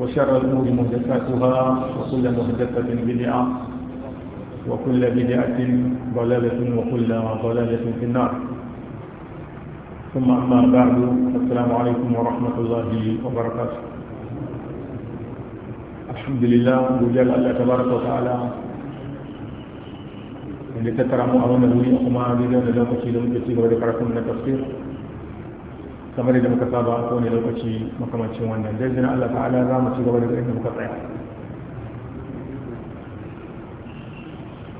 وشر الأمور مهدفاتها وكل مهدفة بدعة وكل بدعة ضلالة وكل ضلالة في النار ثم أما بعد السلام عليكم ورحمة الله وبركاته الحمد لله وجل الله تبارك وتعالى اللي تترى مؤمنه لي أخما بنا لذلك في من يتسير ولكركم من التفسير kamar da muka saba a kowane lokaci makamancin wannan dai zina Allah ta'ala za mu ci gaba da inda muka tsaya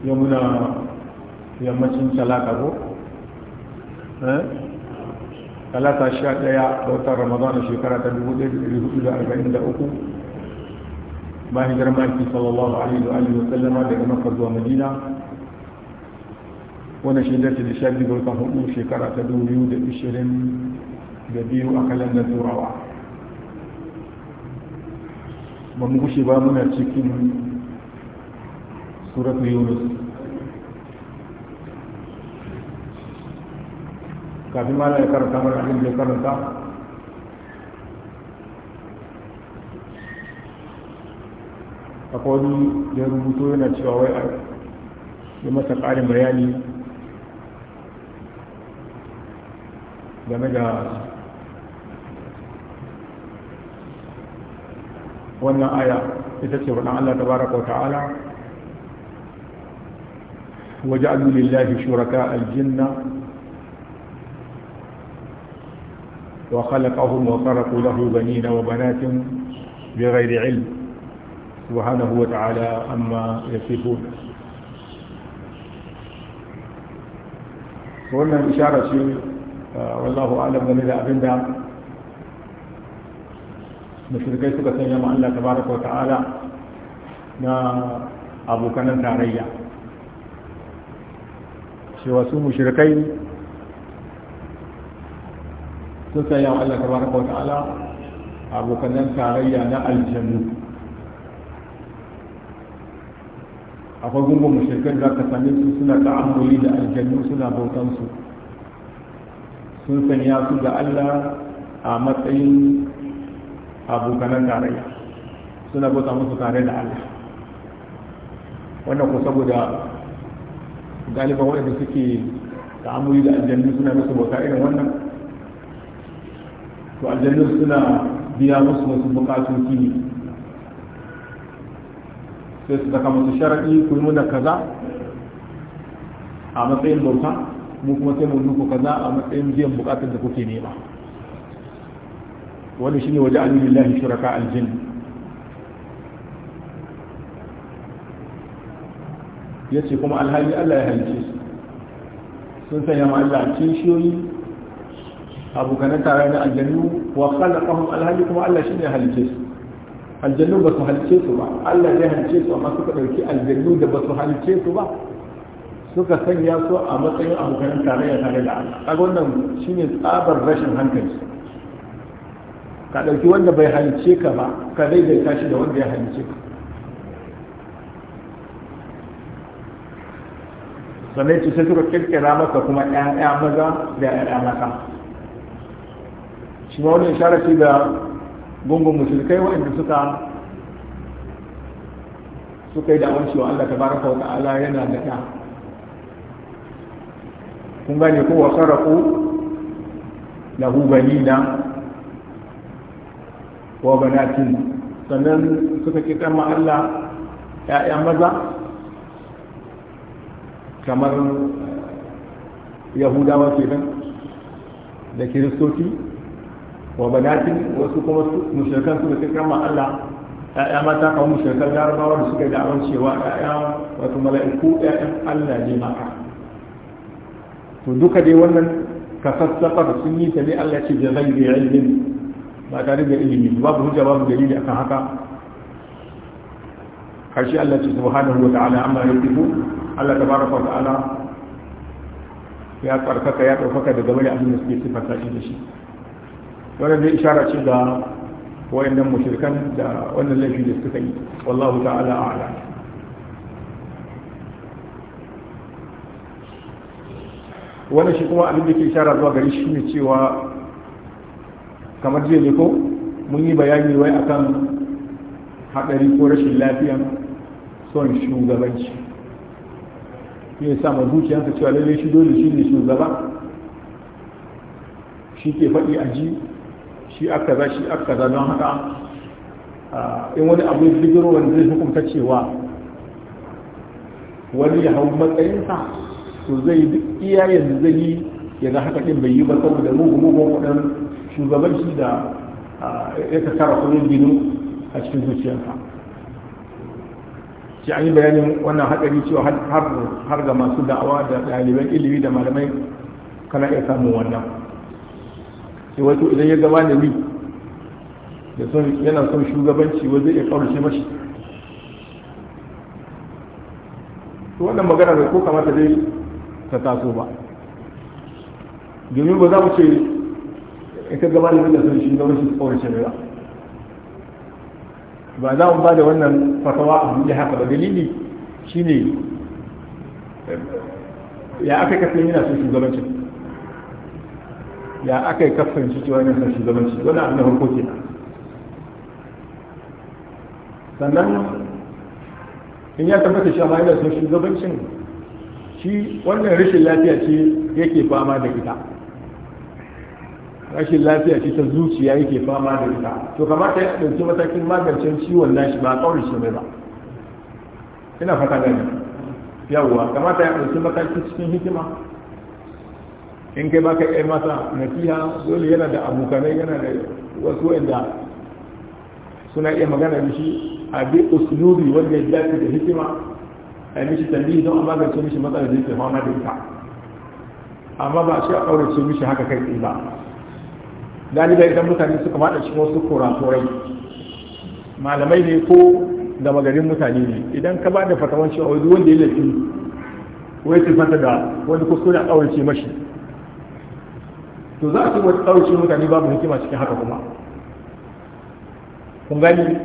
yau muna yammacin talata ko talata sha ɗaya da watan ramadana shekara ta dubu ɗaya da ɗari da arba'in da uku ba hijar maki sallallahu alaihi wa alihi wa sallama daga makka zuwa madina wannan shi da ta da sha biyu ga watan hudu shekara ta dubu da ishirin da biyu a kalandar turawa ba mu gushe ba muna cikin suratu yunus kafin ma ya karanta mara abin da ya karanta akwai da rubuto yana cewa wai a yi masa ƙarin bayani game da wannan aya ita ce wannan Allah tabaraka wa ta'ala waja'alu lillahi shuraka aljanna wa khalaqahum wa sarqu lahu banina wa banatin bighairi ilm subhanahu wa ta'ala amma yasifun wannan isharar ce wallahu a'lam game da abinda musulkai suka sanya ma Allah tabaraka wa ta'ala na abokanan tarayya cewa su mushrikai sun sanya ma Allah tabaraka wa ta'ala abokanan tarayya na aljannu akwai gungun mushrikai da ka sami su suna ta'ammuli da aljannu suna bautansu sun sanya su ga Allah a matsayin abokanan tarayya suna bauta musu tare da Allah wannan ko saboda galiban waɗanda suke ta'amuli da aljannu suna musu bauta irin wannan to aljannu suna biya musu wasu bukatun kini sai su saka musu sharaɗi ku yi nuna kaza a matsayin bauta mu kuma sai mu nuku kaza a matsayin biyan bukatar da kuke nema wani shine waje alillahi shuraka aljin ya ce kuma alhali allah ya halice su sun sanya ma allah kishiyoyi abokanan tare na aljannu wa khalaqahum alhali kuma allah shi ne ya halice su aljannu ba su halice su ba allah ya halice su amma suka dauki aljannu da ba su halice su ba suka sanya su a matsayin abokanan ya tare da Allah kaga wannan shine tsabar rashin hankali ka ɗauki wanda bai halice ka ba ka daidaita shi da wanda ya halice ka sannan ce sai suka kirkira maka kuma ƴaƴa maza da ƴaƴa maka. shi ma wani sharafi da gungun musulkai waɗanda suka suka yi da'awar cewa Allah tabaraka wa ta'ala yana da ta. kun gane kowa wa sarrafu lahu banina wa banatin sannan suka ki kama Allah ya maza kamar eh, yahudawa kenan da kiristoci wa banatin wasu kuma mushrikan suka ki kama Allah ya mata kamar mushrikan larabawa da suka da awon cewa ya wato mala'iku ya Allah ne maka to duka dai wannan kasassafar sun yi ta ne Allah ce da zai ilmin ba tare da ilimi ba babu hujja babu dalili akan haka karshe Allah ce subhanahu wa ta'ala amma yasifu Allah tabaraka wa ta'ala ya tsarkaka ya ɗaukaka daga wani abin da suke sifanta shi da shi wanda zai ishara ce ga wayannan mushrikan da wannan laifi da suka yi wallahu ta'ala ala. wannan shi kuma abin da ke ishara zuwa gari shi ne cewa kamar jiya ne ko mun yi bayani wai akan haɗari ko rashin lafiya son shugabanci ya sa ma zuciyarsa cewa lallai shi dole shi ne shugaba shi ke faɗi a ji shi aka za shi aka za don haka in wani abu ya bigiro wani zai hukunta cewa wani ya hau matsayinsa to zai duk iya yanzu zai yi ya ga haka ɗin bai yi ba saboda mugu mugu waɗanda shugabanci da ya ka kara kudin a cikin zuciyarka shi an yi bayanin wannan haɗari cewa har ga masu da'awa da ɗaliban ilimi da malamai kana iya samun wannan sai wato idan ya da ni da son yana son shugabanci wanda ya ƙaurace mashi to wannan magana bai ko kamata dai ta taso ba domin ba za mu ce in ka ga malamin da sun shi ga wasu kaurace ba ba za mu ba da wannan fatawa a buɗe haka ba dalili shine ya aka kafin yana son shugabancin ya aka yi kafin shi cewa yana son shugabanci wani abu na farko ke sannan in ya tabbata shi amma yana son shugabancin shi wannan rashin lafiya ce yake fama da ita rashin lafiya ce ta zuciya yake fama da ita to kamata ya ɗauki matakin magancin ciwon nashi ba kawai shi mai ba ina fata gani yawwa kamata ya ɗauki matakin cikin hikima in kai baka kai masa nasiha dole yana da abokanai yana da wasu inda suna iya magana da shi a bi uslubi wanda ya dace da hikima a mishi tambayi don a magance mishi matsalar da yake fama da ita amma ba shi a ƙaurace mishi haka kai ba galiba idan mutane suka fada cikin wasu kurakurai malamai ne ko gama garin mutane ne idan ka ba da fatawan cewa wani wanda ya lafi wai sifanta da wani kuskure a aurace mashi to za a ce wata kawarce mutane babu hikima cikin haka kuma kun gani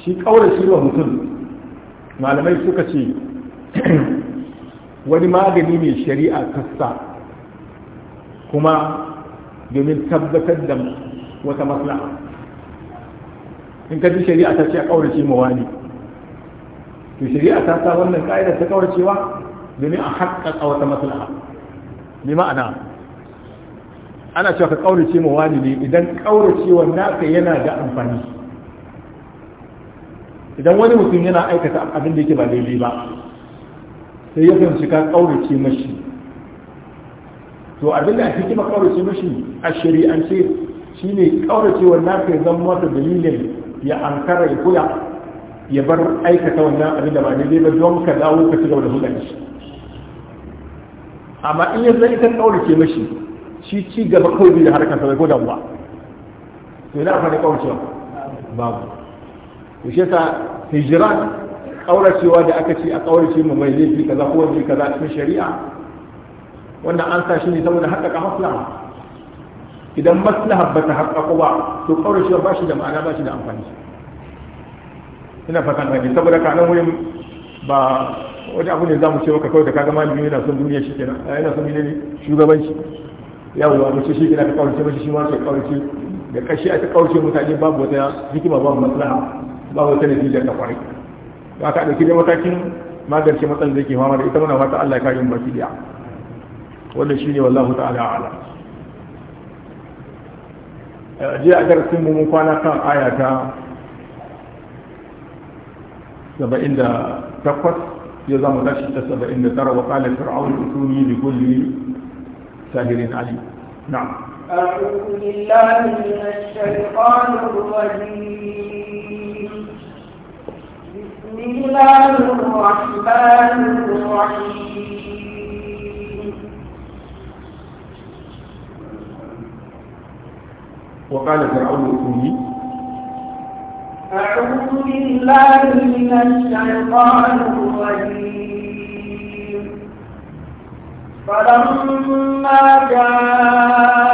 shi shi wa mutum malamai suka ce wani magani ne shari'a kasta kuma domin tabbatar da wata maslaha in ka ji shari'a ta ce a kaurace mu wani to shari'a ta sa wannan ka'ida ta kauracewa domin a haƙƙaƙa wata maslaha bi ma'ana ana cewa ka kaurace mu wani ne idan kauracewa naka yana da amfani idan wani mutum yana aikata abin da yake ba daidai ba sai ya fahimci ka kaurace mashi to abin da ake kima kaurace mashi a shari'ance shine kaurace wannan kai zan masa dalilin ya kara ya kula ya bar aikata wannan abin da ba daidai ba don ka dawo ka ci gaba da hulɗa shi amma in ya zai ita kaurace mashi shi ci gaba kawai da harkar sa bai ko damuwa to ina amfani kauracewa babu to shi yasa hijran kauracewa da aka ce a kaurace mu mai laifi kaza ko wani kaza cikin shari'a wannan an sa shi ne saboda haƙaƙa maslaha idan maslaha ba ta haƙaƙo ba to shi ba shi da ma'ana ba shi da amfani ina fatan ɗage saboda ka nan wurin ba wani abu ne za mu ce maka kawai da gama malami yana son duniya shi kenan yana son ne shugabanci yawwa mace shi kenan ka ƙaurace mashi shi ma sai ƙaurace da ƙarshe a ta ƙaurace mutane babu wata hikima babu maslaha babu wata natijar da kwarai ba ka ɗauki da matakin magance matsalar da ke fama da ita mana wata Allah ya kare mu baki wannan shine wallahu ta'ala ala a jiya a darasin mu mun kwana kan aya ta 78 ya zama tashi ta 79 wa qala fir'aun utuni bi kulli sahirin ali na'am أعوذ بالله من الشيطان الرجيم بسم الله الرحمن الرحيم وقال فرعون ائتوني أعوذ بالله من الشيطان الرجيم فلما جاء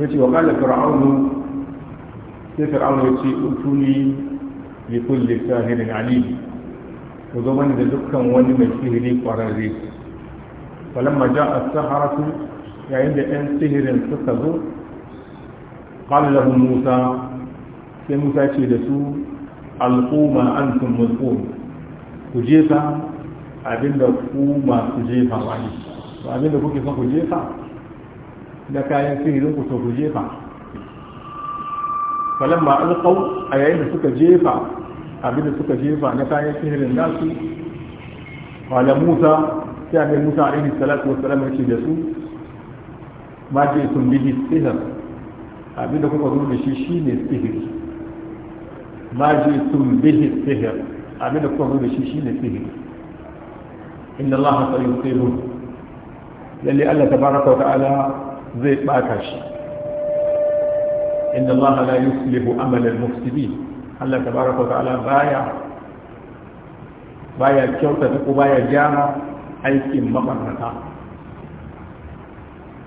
ya ce wa ƙalar fir'aunu sai fir'aunu ya ce ƙuntuni ya kulle ta hirin alim ku zo mani da dukkan wani mai sihiri ƙwararre ƙwalar maja a saharatu yayin da 'yan sihirin suka zo ƙalar musa sai musa ce da su al'umma an kun mulkun ku jefa abinda ku masu jefa wani abinda kuke son ku jefa da kayan sihirin ku to ku jefa falon ma alƙau a yayin da suka jefa abinda suka jefa na kayan sihirin nasu wala musa sai a mai musa alaihi salatu wasu salam ce da su ma ce sun bihi sihir abinda kuka zo da shi shi ne sihiri ma ji sun bihi sihir abin da kuma da shi shine sihir inna Allah ta yusiru lalle Allah ta tabaraka wa ta'ala zai baka shi inna Allah la yuslihu amal al-mufsidin Allah ta tabaraka wa ta'ala baya baya kyautata ko baya gyara aikin mabarnata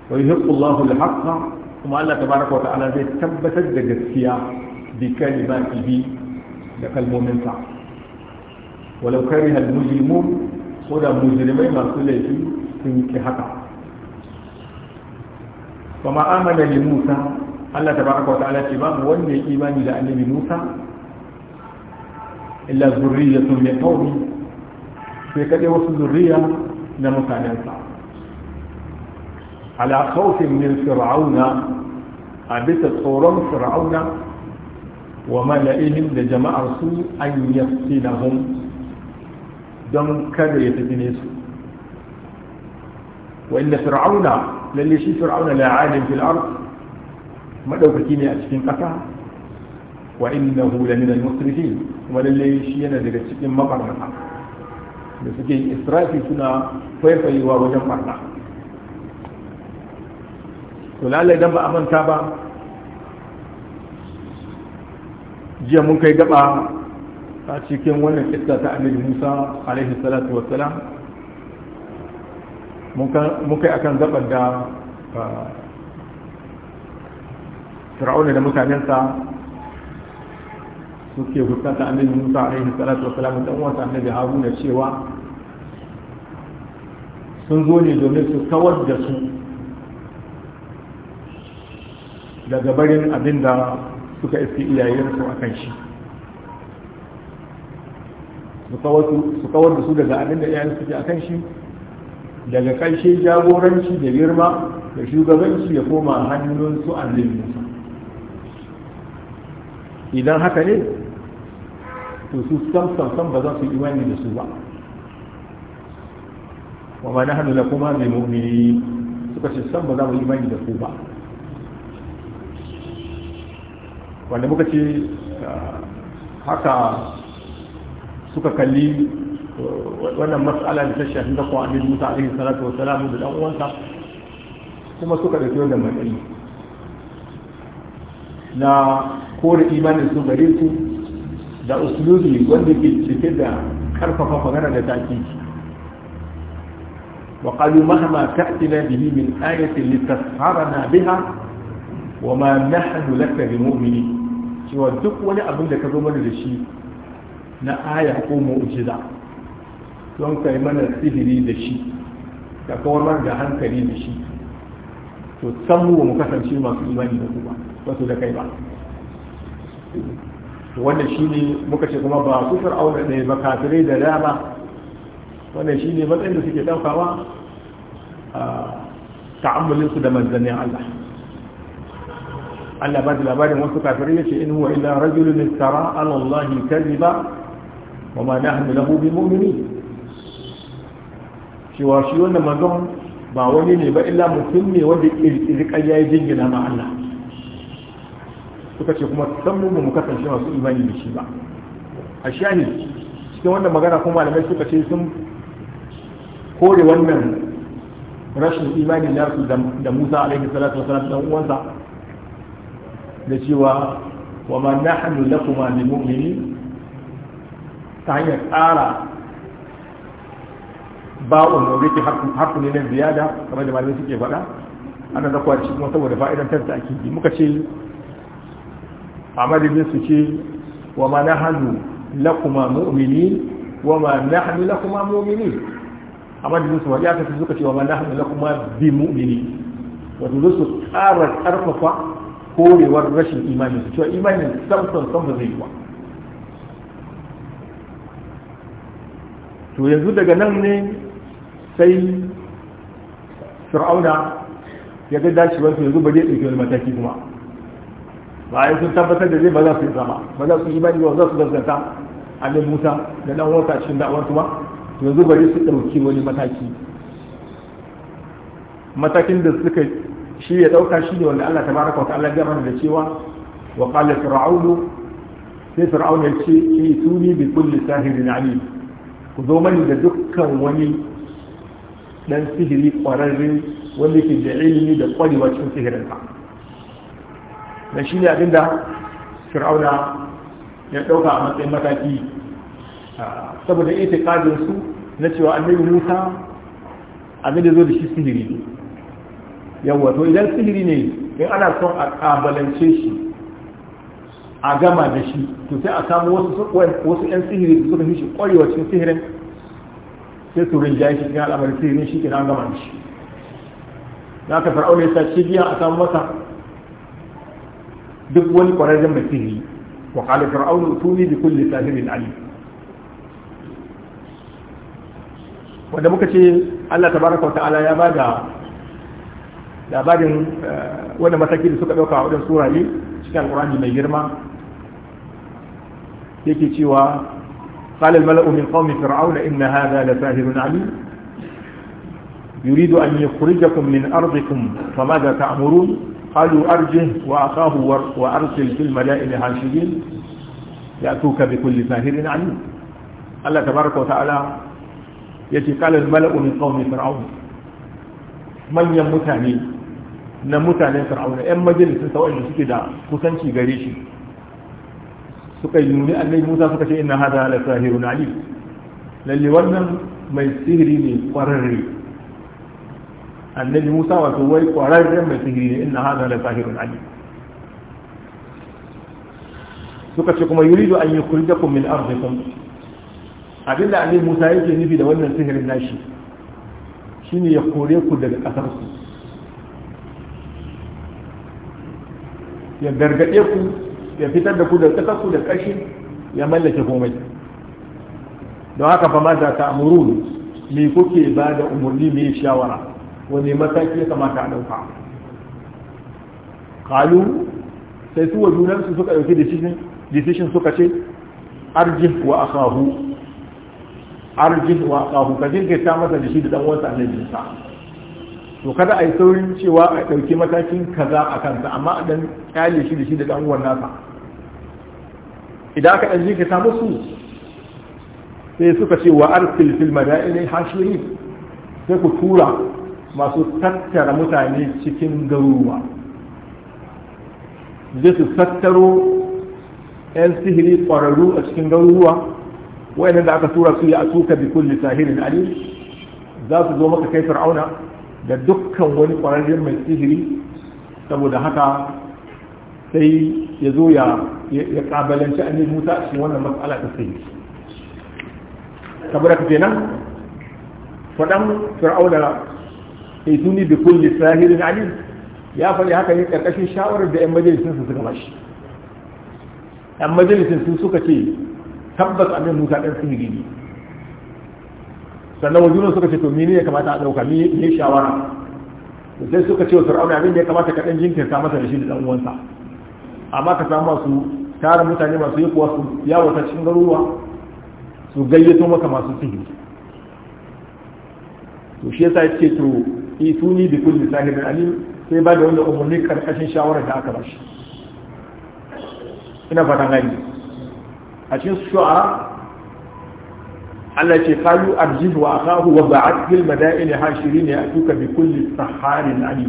wa yuhibbu Allahu al-haqqa kuma Allah ta tabaraka wa ta'ala zai tabbatar da gaskiya بكلماته من صح ولو كره المجرمون ولا مجرمين ما قلت في حقا فما آمن لموسى الله تبارك وتعالى إمام ولي إيمان إلى أن موسى إلا ذرية من قومي في كده وصل ذرية لموسى متعنسة على خوف من فرعون عبثت الصوران فرعون wa mala'ihim da jama'ar su an yaftinahum don kada ya tafi nesu su wa inda fir'auna lalle shi fir'auna la alim fil ard madaukaki ne a cikin kasa wa innahu la min al musrifin kuma lalle shi yana daga cikin mabarnata da suke israfi suna faifayewa wajen barna to lalle dan ba a manta ba jiya mun kai gaba a cikin wannan kissa ta annabi Musa alaihi salatu salam. mun kai akan gaban da fir'auna da mutanensa suke hukunta annabi Musa alaihi salatu salam. dan wata annabi Haruna cewa sun zo ne domin su kawar da su daga barin abinda suka iske iyayensu a kan shi su kawar da su daga abin da iyayen suke a kan shi daga ƙarshe jagoranci da girma da shugabanci ya koma hannun su annabi musa idan haka ne to su sam sam sam ba za su imani da su ba wa ma na nahnu kuma mai mummiri suka ce sam ba za mu imani da ku ba wanda muka ce ah, haka suka kalli ah, wannan matsala da ta shafi da kuwa abin musa alaihi salatu wasalamu da dan uwansa kuma suka dauki wannan matsayi na kore imanin su gare su da usulubi wanda ke cike da karfafa magana da takiki وقالوا مهما تأتنا به من آية لتسحرنا بها وما نحن لك بمؤمنين cewa duk wani abin da ka zo mana da shi na aya ko mu'jiza don kai mana sihiri da shi da kawar da hankali da shi to san mu kasance masu imani da kuma ba su da kai ba wannan shine muka ce kuma ba su fir'auna ne ba kafirai da dama wannan shine matsayin da suke daukawa a ta'ammulinsu da manzannin Allah Allah ba da labarin wasu kafirai yace in huwa illa rajulun istara ala Allah kadhiba wa ma nahnu lahu bimu'minin shi wa shi wannan manzon ba wani ne ba illa mutum ne wanda kirkiri ƙarya ya jingina ma Allah suka ce kuma san mu mu kasance masu imani da shi ba a shani cikin wannan magana kuma malamai suka ce sun kore wannan rashin imani na su da Musa alaihi salatu wasalam dan uwansa da cewa wa ma na da kuma min mummini ta hanyar tsara ba'un wanda yake harfu ne na ziyada kamar da malamai suke faɗa ana da kwaci kuma saboda fa'idan tarta a kiki muka ce a madadin su ce wa ma na nahnu kuma mummini wa ma nahnu kuma mummini a madadin su ya ta suka ce wa ma na nahnu kuma bi mummini wato su tsara karfafa korewar rashin imani su cewa imani samson san ba zai yi ba to yanzu daga nan ne sai fir'auna ya ga dacewar su yanzu ba zai tsaye wani mataki kuma Ba yi sun tabbatar da zai ba za su yi zama ba za su yi imani ba za su gaskata annabi musa da dan wata cikin da'awar kuma yanzu bari su ɗauki wani mataki matakin da suka shi ya dauka shi ne wanda Allah tabaraka wa ta'ala gama da cewa wa qala fir'aulu sai fir'aun ya ce ki tuni bi kulli sahirin alim ku zo mani da dukkan wani dan sihiri kwararre wanda ke da ilimi da kwarewa cikin sihirin ka da shi ne abinda fir'auna ya dauka a matsayin mataki ah, saboda ita kadin su na cewa annabi Musa abinda zo da shi sihiri yawa to idan sihiri ne in ana son a kabalance shi a gama da shi to sai a samu wasu wasu yan sihiri su suka fi shi kwarewa cikin sihirin sai su rinjaye shi cikin al'amarin sihirin shi kenan gama da shi na ka fara aure sa cibiya a samu masa duk wani kwararren mai sihiri wa qala fir'aunu tuni bi kulli sahirin ali wanda muka ce Allah tabaraka wa ta'ala ya bada labarin wanda mataki da suka ɗauka a wajen sura ne cikin alƙur'ani mai girma yake cewa قال الملأ من قوم فرعون إن هذا لساهر عليم يريد أن يخرجكم من أرضكم فماذا تأمرون قالوا أرجه وأخاه وأرسل في الملائن حاشدين يأتوك بكل ساهر عليم الله تبارك وتعالى يتي قال الملأ من قوم فرعون من يمتعني na mutanen fir'auna yan majalisun sa wanda suke da kusanci gare shi suka yi nuni annabi Musa suka ce inna hada la sahirun ali lalle wannan mai sihiri ne kwararre annabi Musa wato wai kwararre mai sihiri ne inna hada la sahirun ali suka ce kuma yuridu an yukhrijakum min ardikum abinda annabi Musa yake nufi da wannan sihirin nashi shine ya kore ku daga kasar ku ya gargaɗe ku ya fitar da ku da ƙasar da ƙashi ya mallake komai don haka fama za ta amuru me kuke ba da umarni mai shawara wani mataki ya kamata a ɗauka kalu sai su wa su suka ɗauki decision suka ce arjin wa akahu arjih wa akahu ka jirgin ta masa da shi da ɗan na jinsa to kada a yi saurin cewa a ɗauki matakin kaza a kansa amma a ɗan ƙyale shi da shi da ɗan'uwan nasa idan aka ɗan jika ta musu sai suka ce wa arsil fil madaini hashiri sai ku tura masu tattara mutane cikin garuruwa zai su tattaro 'yan sihiri ƙwararru a cikin garuruwa wa'annan da aka tura su ya tuka bi kulli sahirin alif za su zo maka kai fir'auna da dukkan wani kwararren mai sihiri saboda haka sai ya zo ya ƙabalanci ne musa a wannan matsala ta sai saboda ka nan faɗan fir'auna sai suni da kulle sahirin alim ya faɗi haka ne ƙarƙashin shawarar da 'yan majalisun su suka bashi 'yan majalisun su suka ce tabbas annabi musa ɗan sihiri ne sannan wajunan suka ce to mini ya kamata a dauka ni ne shawara sai suka ce wa fir'auna abin da ya kamata ka dan jinkirta masa da shi da dan uwansa amma ka samu masu tara mutane masu yi kuwa su yawo ta cikin garuruwa su gayyato maka masu sihiri to shi yasa yake to ituni bi kulli sahirin alim sai ba da wanda umarni karkashin shawarar da aka ba shi ina fatan gani a cikin shu'ara Allah ce kayu arjih wa akahu wa ba'at fil madaini hashirin ya tuka bi kulli saharin ali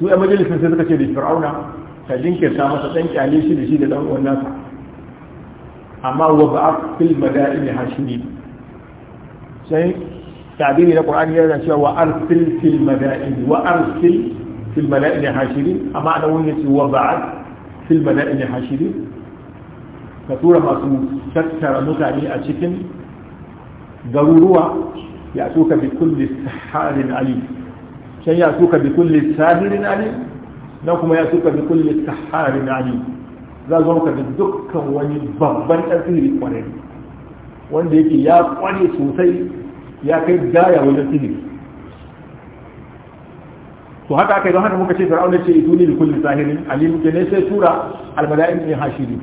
su a majalisin sai suka ce da fir'auna ka jinkirta masa dan kyale shi da shi da dan uwan nasa amma wa ba'at fil madaini hashirin sai tabiri na qur'ani yana cewa wa arsil fil madaini wa arsil fil madaini hashirin amma ana wani ce wa ba'at fil madaini hashirin ka tura masu tattara mutane a cikin garuruwa ya tuka bi kulli saharin ali can ya tuka bi kulli sahirin ali na kuma ya tuka bi kulli saharin ali za zo maka da dukkan wani babban tasiri kwarai wanda yake ya kware sosai ya kai gaya wajen sihiri to haka aka yi don haka muka ce fir'auna ce ituni bi kulli sahirin ali ne sai tura almala'in ne hashiri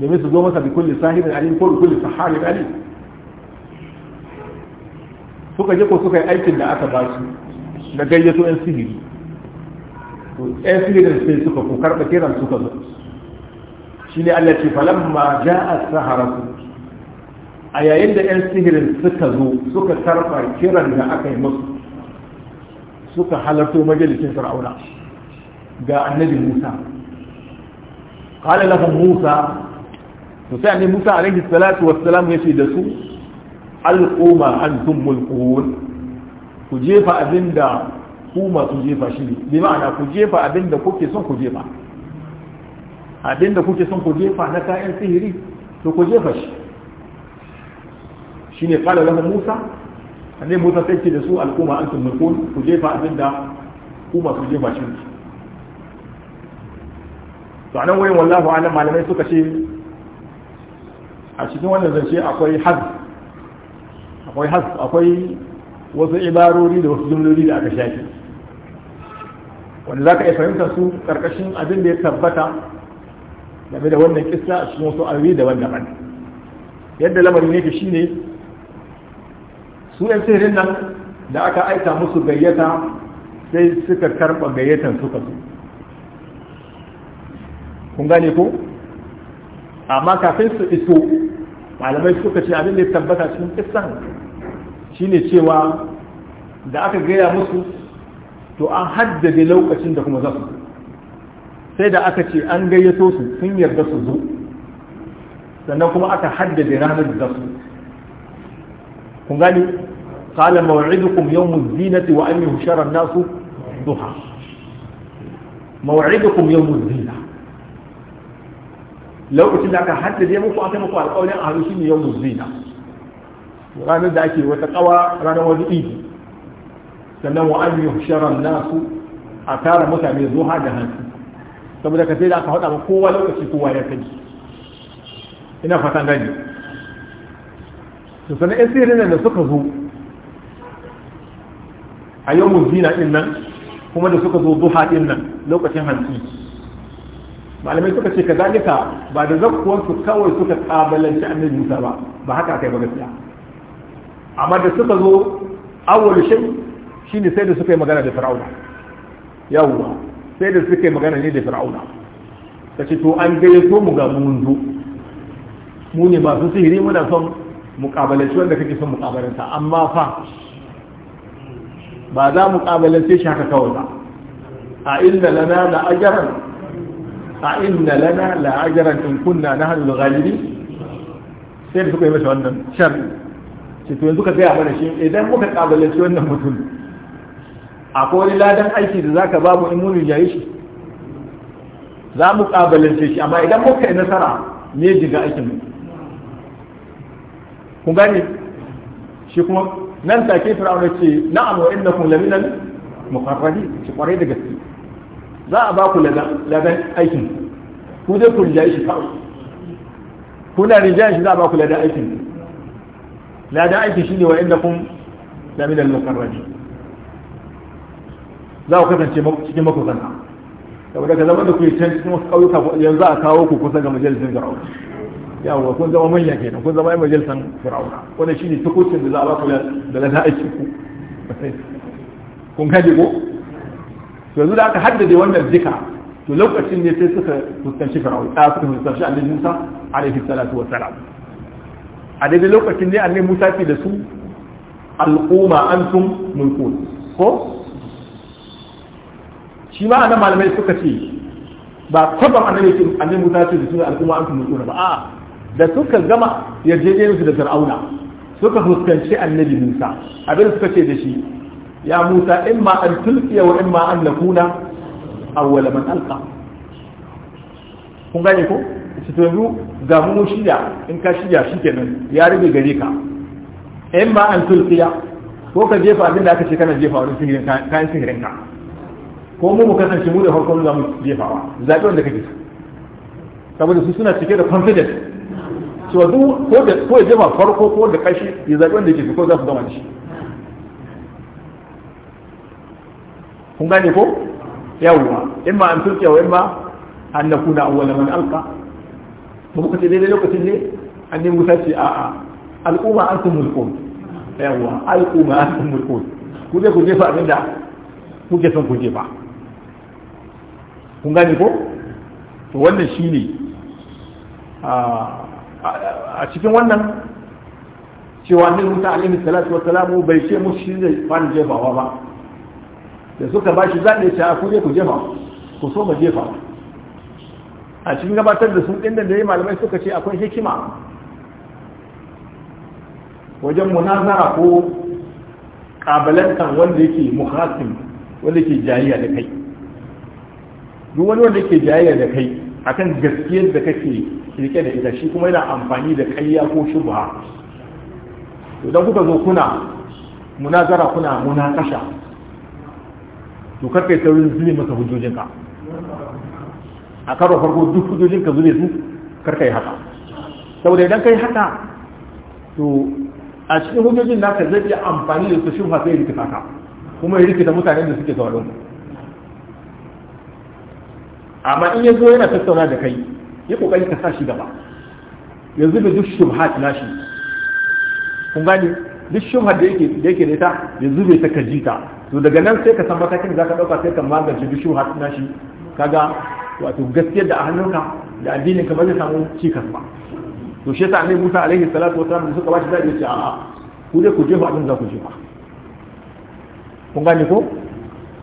domin su zo masa bi kulli sahibin alim ko bi kulli sahabin alim suka je ko suka yi aikin da aka ba su da gayyato yan sihiri to yan sihirin sai suka ko karɓa kiran suka zo shi ne Allah ce falamma ja'a saharatu a yayin da yan sihirin suka zo suka karɓa kiran da aka yi musu suka halarto majalisin fir'auna ga annabi Musa قال لهم موسى to sai ne Musa alaihi salatu wassalam ya ce da su alquma antum mulkun ku jefa abinda ku masu jefa shi ne bi ma'ana ku jefa abinda kuke son ku jefa abinda kuke son ku jefa na kayan sihiri to ku jefa shi shine qala lahu Musa ne Musa sai ce da su alquma antum mulkun ku jefa abinda ku masu jefa shi ne to anan wurin wallahu alam malamai suka ce a cikin wannan zance akwai haz akwai haz akwai wasu ibarori da wasu jumloli da aka shafi wanda za ka iya fahimta su karkashin abin da ya tabbata game da wannan kisa a cikin wasu ayoyi daban ban yadda lamarin yake shine su yan sirrin nan da aka aika musu gayyata sai suka karɓa gayyatan suka su kun gane ko amma kafin su iso malamai suka ce abin da ya tabbata cikin kissan shine cewa da aka gaya musu to an haddade lokacin da kuma za su sai da aka ce an gayyato su sun yarda su zo sannan kuma aka haddade ranar da su kun gani qala maw'idukum yawm zinati wa an yuhshara an-nasu duha maw'idukum yawm az lokacin da aka haddace muku aka muku alƙawarin a shine yawmuz zina ranar da ake wata ƙawa ranar wani idi sannan wa an na nasu a tara mutane zuha da hannu saboda ka sai da aka haɗa kowa lokaci kowa ya kai ina fatan gani to sannan yan sirrin da suka zo a yau zina ɗin nan kuma da suka zo zuha ɗin nan lokacin hantsi malamai suka ce kazalika ba da zakkuwansu kawai suka kabalanci annabi Musa ba ba haka kai ba gaskiya amma da suka zo awwal shay shine sai da suka yi magana da Fir'auna yawwa sai da suka yi magana ne da Fir'auna kace to an gayyato mu ga mun zo mu ne masu sihiri muna son mukabalanci wanda kake son mukabalanta amma fa ba za mu kabalance shi haka kawai ba a inda lana da ajaran a inna lana la ajran in kunna nahnu al-ghalibin sai da suka yi masa wannan sharri ce to yanzu ka gaya mana shi idan muka kabalanci wannan mutum akwai wani ladan aiki da zaka ba mu in mun yi shi za mu kabalance shi amma idan muka yi nasara ne jiga aikin mu kun gane shi kuma nan take fir'auna ce na'am wa innakum laminal muqarrabin ci kwarai da gaske za a ba ku ladan aikin ku dai ku rinjaye shi kawai kuna rinjaye shi za a ba ku ladan aikin ladan aikin shi ne wa inda kun lamin al-muqarrabi za ku kasance cikin da wadda ka zama da ku can cikin wasu ƙauyuka yanzu a kawo ku kusa ga majalisar fir'auna yawa kun zama manya kenan kun zama majalisar fir'auna wannan shine tukucin da za a ba ku da ladan aikin ku kun kaje ko to yanzu da aka haddade wannan zika to lokacin ne sai suka fuskanci fir'aun da suka fuskanci annabi Musa alaihi salatu salam a daidai lokacin ne annabi Musa ce da su al'umma antum mulkun ko shi ma annabi malamai suka ce ba kwabar annabi ce annabi Musa ce da su al'umma antum mulkun ba A da suka gama yarjejeniyarsu da fir'auna suka fuskanci annabi Musa abin suka ce da shi ya musa imma an tulkiya wa imma an nakuna awwal man alqa kun gane ko su to yanzu ga mu shiya in ka shiya shikenan ya rige gare ka imma an tulkiya ko ka jefa abin da aka ce kana jefa wurin sihirin kayan sihirin ka ko mu mu kasance mu da farkon za mu jefawa zaɓi wanda kake so saboda su suna cike da confidence cewa duk ko da jefa farko ko da kashi ya zaɓi wanda ke so ko za su gama da shi kun gane ko yawwa ma an turkiya wa ma an nakuna awwala man alqa to muka ce daidai lokacin ne an yi musa ce a'a al'umma an sun mulkun yawwa al'umma an sun mulkun ku je ku jefa abinda, da kuke son ku jefa kun gane ko to wannan shine a cikin wannan cewa ne Musa alaihi salatu wa bai ce musu shi ne, fara jefawa ba da suka ba shi zaɓe ta ku je ku jefa ku so mu jefa a cikin gabatar da sun inda da ya malamai suka ce akwai hikima wajen munazara ko ƙabalantar wanda yake muhasim wanda yake jayayya da kai duk wani wanda yake jayayya da kai akan gaskiyar da kake rike da ita shi kuma yana amfani da kayya ko shubha to don kuka zo kuna munazara kuna munakasha to karka yi saurin zube masa hujjojinka a karo farko duk hujjojinka zube su karka yi haka saboda idan ka yi haka to a cikin hujjojin naka zai iya amfani da su shubha sai rikita ka kuma ya rikita mutanen da suke saurin amma in ya zo yana tattauna da kai ya kokari ka sa shi gaba Yanzu da duk na nashi kun gani duk shubhat da yake da ita yanzu bai ta kajita to daga nan sai ka san matakin za ka ɗauka sai ka magance duk shuha na shi kaga wato gaskiyar da a hannunka da addinin ka ba samu cikas ba to shi yasa annabi Musa alaihi salatu wasallam da suka bashi zai ce a'a ku dai ku jefa abin za ku ba. kun gane ko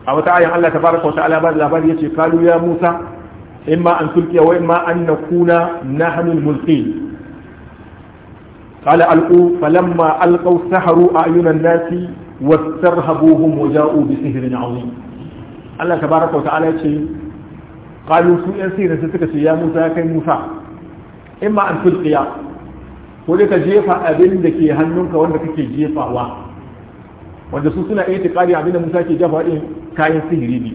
a wata ayan Allah tabaraka wa ta'ala ba labari yace kalu ya Musa imma an tulqiya wa imma an nakuna nahnu al-mulqin قال ألقوا فلما ألقوا سحروا أعين الناس wastarhabuhum waja'u bi sihrin azim Allah tabaraka wa ta'ala yace qalu su yan sihrin sai suka ce ya Musa ya kai Musa imma an ko dai ka jefa abin da ke hannunka wanda kake jefawa wanda su suna iya tiƙari Musa ke jefa din kayan sihiri ne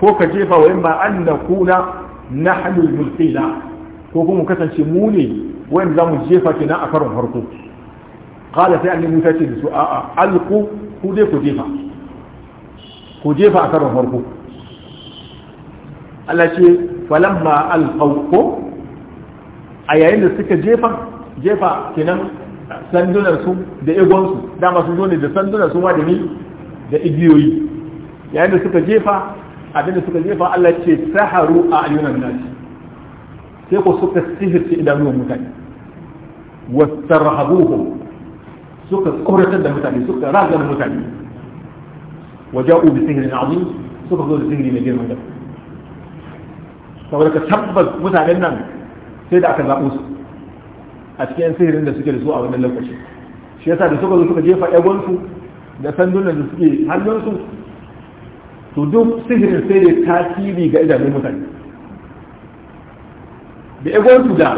ko ka jefa wa imma an nakuna nahnu mulqina ko kuma kasance mu ne wanda zamu jefa kenan a karon farko qala sai Musa ce da su a alqu ku dai ku jefa ku jefa a karon farko Allah ce falamma alfauko a yayin da suka jefa jefa kenan sandunarsu da egonsu dama sun zo ne da sandunarsu ma da ni da igiyoyi yayin da suka jefa abinda suka jefa Allah ce saharu a ayyunan nasi sai ku suka sihirce idanuwan mutane wasu wastarhabuhum suka tsoratar da mutane suka ragar mutane ubi sihiri na azim suka zo da sihiri mai girman da saboda ka tabbas mutanen nan sai da aka zaɓo su a cikin sihirin da suke da su a wannan lokaci shi yasa da suka zo suka jefa egonsu da sandun da suke hannunsu to duk sihirin sai da tasiri ga idanun mutane da egonsu da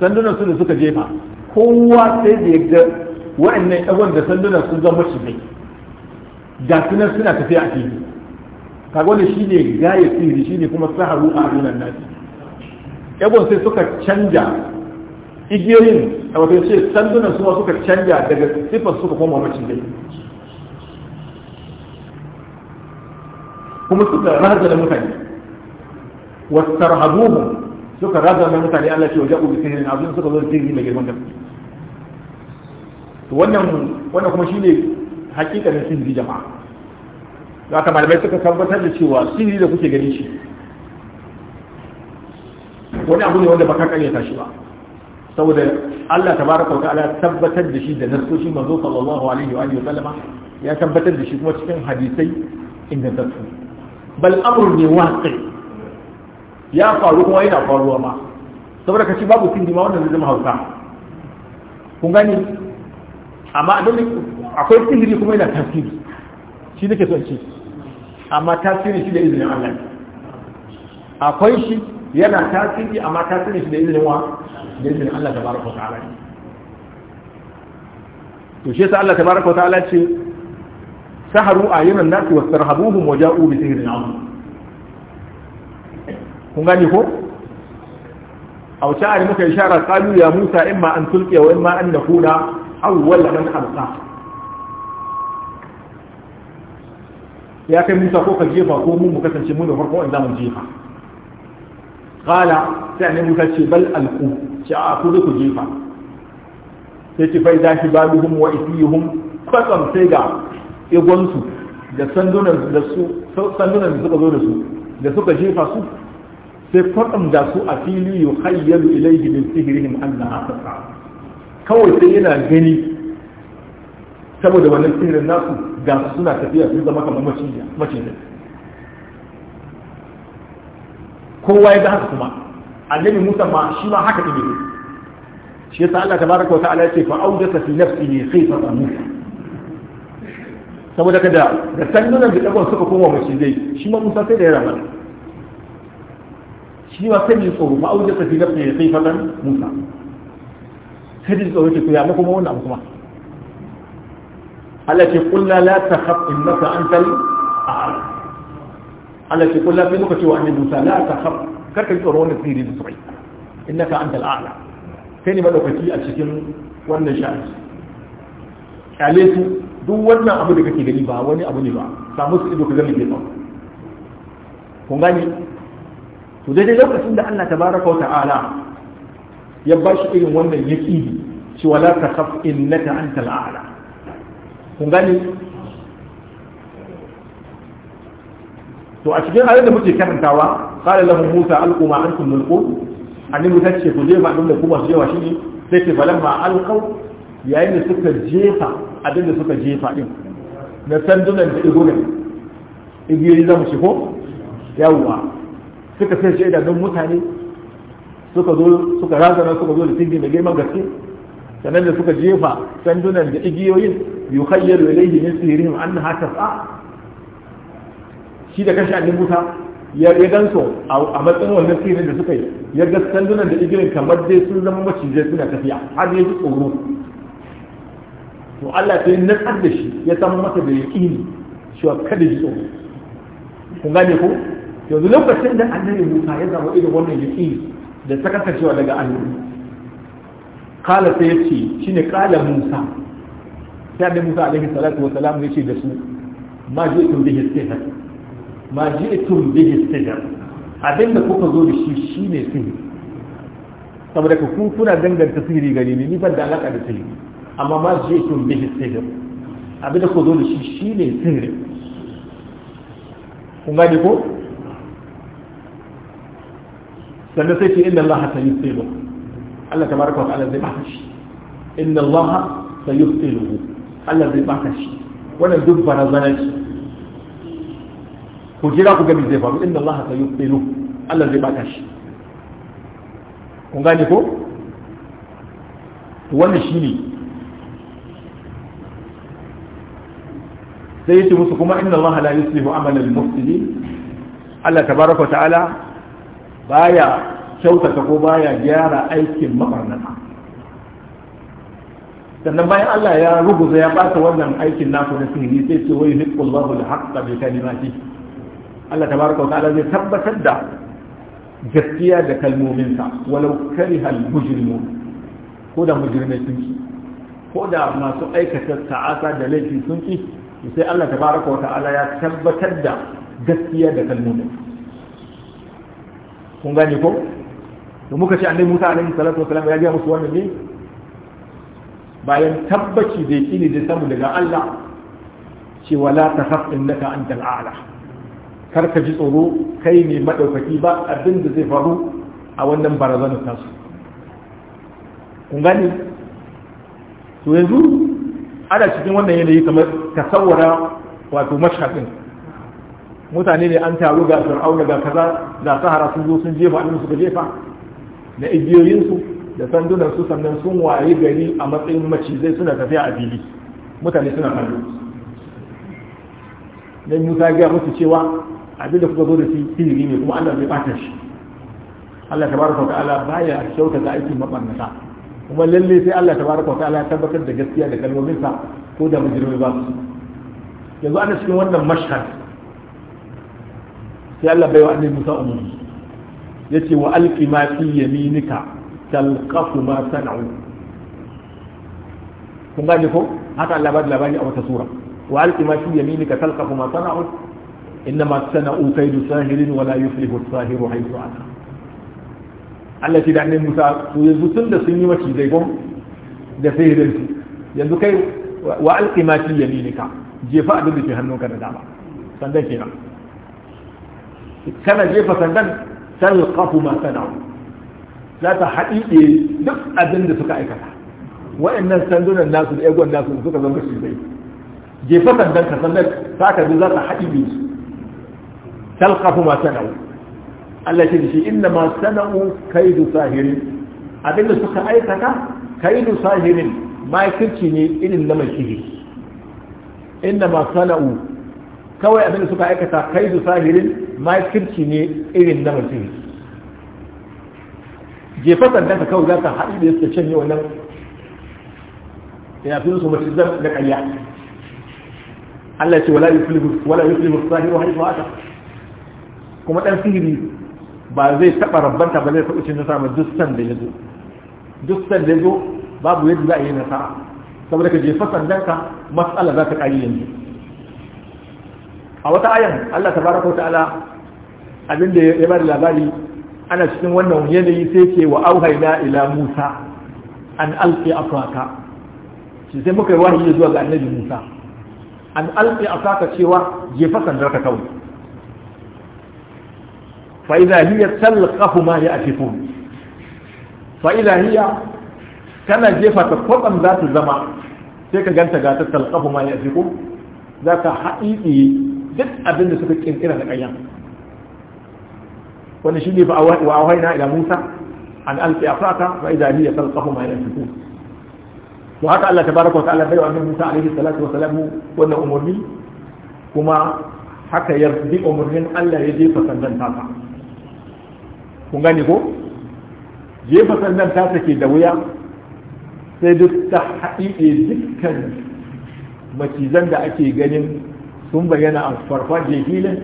sandunan su da suka jefa kowa sai da ya ga wa'annan ƙagon da sandunan sun zama cizai ga sunan suna tafiya a fili kaga wanda shi ne gaya sihiri shi ne kuma saharu a adunan nasi ƙagon sai suka canja igiyoyin a wata ce sandunan suma suka canja daga sifar suka koma macizai kuma suka rahaza da mutane wasu tarhabuhum suka rahaza da mutane Allah ce wajen ubi sihirin abin suka zo sihiri mai girman gaske wannan kuma shi ne hakikanin sihiri jama'a za ka malamai suka tabbatar da cewa sihiri da kuke gani shi wani abu ne wanda baka karyata shi ba saboda Allah ta baraka wa ta'ala tabbatar da shi da nasoshi manzo sallallahu alaihi wa alihi wa sallama ya tabbatar da shi kuma cikin hadisai ingantattu bal amru ne waqi ya faru kuma yana faruwa ma saboda ka ci babu sindi ma wannan zama hausa kun gani amma abin akwai ilimi kuma yana tasiri shi nake son ce amma tasiri shi da izinin Allah akwai shi yana tasiri amma tasiri shi da izinin wa da izinin Allah tabaraka wa ta'ala to shi yasa Allah baraka wata ala ce saharu ayyunan nasi wastarhabuhum wa ubi, bi sihrin 'azim kun gani ko a wuce a yi muka ishara kalu ya musa in ma an tulke wa in ma an nakuna awwal man alqa ya kai Musa ko ka jefa ko mun mu kasance mun da farko in zamu jefa qala sai annabi Musa ce bal alqu ce a ku ku jefa sai ce fai dashi baluhum wa isihum kwatsam sai ga su, da sandunan da su sandunan da suka zo da su da suka jefa su sai kwatsam da su a fili yukhayyalu ilayhi min sihrihim annaha tas'a kawai sai yana gani saboda wannan tsirin nasu ga su suna tafiya sun zama kamar macinta kowa ya ga haka kuma annabi musa ma shi ma haka ɗin shi yasa Allah tabaraka wa ta'ala yace fa awjasa fi sai khifatan musa saboda kada da sandunan da ɗagon suka koma zai shi ma musa sai da ya rama shi ma sai mai tsoro fa awjasa fi sai khifatan musa sai ji tsoro ki ya kuma wannan abu kuma Allah ce kullu la takhaf innaka antal a'la Allah ce kullu sai muka ce wa annabi Musa la haɓ karka ji tsoro wannan sirri da tsoro innaka antal a'la kai ne madaukaki a cikin wannan sha'ani kyale su duk wannan abu da kake gani ba wani abu ne ba samu su ido ka zama ke tsoro kun gani to daidai lokacin da Allah tabaraka wa ta'ala ya ba shi irin wannan ya ƙibi cewa wala ta kaf ta an tala'ala kun gani to a cikin halin da muke karantawa kare lahu musa an ma antum mulqu annabi ta ce ku je ma abin da kuma su jewa ne, sai falan ma alqaw yayin da suka jefa abin da suka jefa din na sandunan da igogan igiyoyi za mu shi ko yawwa suka sai shaida don mutane suka zo suka razana suka zo da tigi mai girman gaske sannan da suka jefa sandunan da igiyoyin wa ilayhi min anna annaha tas'a shi da kashi annin musa ya gansu a matsayin wannan sihirin da suka yi ya ga sandunan da igiyoyin kamar dai sun zama macijai suna tafiya har ya ji tsoro to Allah sai nasar da shi ya samu masa da yaqini cewa kada ji tsoro kun gane ko yanzu lokacin da annabi musa ya zama irin wannan yaqini da sakarkacewa daga annabi kala sai yace shine kala Musa sai da Musa alaihi salatu wa salam yace da su ma ji'tum bihi sihr ma ji'tum bihi sihr abin da kuka zo da shi shine sihiri saboda ku kuna danganta sihiri gare ni ni ban da alaka da sihiri amma ma ji'tum bihi sihr abin da ku zo da shi shine sihiri kun gane ko sannan sai ce inna Allah sayyidu Allah tabaraka wa ta'ala zai baka shi inna Allah sayyidu Allah zai baka shi wannan duk barazana ce ku jira ku ga me zai faru inna Allah sayyidu Allah zai baka shi kun gane ko wannan shine sai yace musu kuma inna Allah la yuslihu amala al-mufsidin Allah tabaraka wa ta'ala baya kyautata ko baya gyara aikin mabarnata sannan bayan Allah ya rubuta ya ɓata wannan aikin naku na sihiri sai ce wai hiqqullahu al-haqqa bi kalimati Allah ta tabaraka wa ta'ala zai tabbatar da gaskiya da kalmominsa walau kariha al-mujrimun ko da mujrimai sun ki ko da masu aikata ta'asa da laifi sun ki sai Allah ta tabaraka wa ta'ala ya tabbatar da gaskiya da kalmominsa kun gane ko da muka ce annabi Musa alaihi salatu wasalam ya ga musu wannan ne bayan tabbaci da yake da samu daga Allah cewa la tahaf innaka antal a'la kar ka ji tsoro kai ne madaukaki ba abin da zai faru a wannan barazanar tasu kun gane to yanzu ana cikin wannan yanayi kamar tasawwara wato mashhadin mutane ne an taru ga fir'auna ga kaza da sahara sun zo sun jefa abin suka jefa da igiyoyinsu da sandunan su sannan sun waye gari a matsayin macizai suna tafiya a fili mutane suna kallo dan Musa ya musu cewa abin da kuka zo da shi sihiri ne kuma Allah bai bata shi Allah tabaraka wa ta'ala baya shauka da aikin mabannata kuma lalle sai Allah tabaraka wa ta'ala ya tabbatar da gaskiya da kalmominsa ko da mujrimi ba su yanzu ana cikin wannan mashhad sai Allah bai wa annabi Musa umarni yace wa alqi ma fi yaminika talqafu ma sana'u kun gane ko haka Allah ba da labari a wata sura wa alqi ma fi yaminika talqafu ma sana'u innama sana'u kaidu sahirin wala yuflihu as-sahiru haythu ata Allah ce da annabi Musa to yanzu tun da sun yi maci zai gon da sihirin yanzu kai wa alqi ma fi yaminika jefa abin da ke hannunka da dama sandan kenan kana jefa sandan talqafu ma sana'u za ta haɗiɗe duk abin da suka aikata wa'annan sandunan nasu da egon nasu da suka zama shizai jefa sandan ka sandan ta ka za ta haɗiɗe su talqafu ma sana'u Allah ya ce shi inna ma sana'u kaidu sahirin abin da suka aikata kaidu sahirin ma kirci ne irin na mai shiri inna ma sana'u kawai abin da suka aikata kai su sahirin makirci ne irin na mutum jefa sandan ka kawai za ka haɗu da can canye wannan ya fi su zan na ƙarya Allah ce wala yuflihu wala yuflihu sahiru haythu ata kuma dan sihiri ba zai taba rabbanta ba zai taɓa cin nasara ba duk san da ya zo duk san da ya zo babu yadda za a yi nasara saboda ka jefa sandanka matsala za ta ƙari yanzu a wata ayan Allah ta tabaraka ta'ala abinda ya bari labari ana cikin wannan yanayi sai ce wa auhayna ila Musa an alqi afaka shi sai muka yi wahayi zuwa ga annabi Musa an alqi afaka cewa jefa sandarka kawai fa idza hiya talqahu ma ya'tifun fa idza hiya kana jefa ta kwatsam za ta zama sai ka ganta ga ta talqahu ma ya'tifun za ka haɗiɗi duk abin da suka kirkira da ƙarya wannan shi ne fa wa awaina ila Musa an alqi afaka fa ya hiya kuma ma yanfiqun to haka Allah tabaraka wa ta'ala bai wa Musa alaihi salatu wa salamu wannan umurni kuma haka ya bi umurnin Allah ya jefa sandan taka kun gane ko jefa sandan taka ke da wuya sai duk ta haɗi dukkan macizan da ake ganin sun bayyana a farfajiyar filin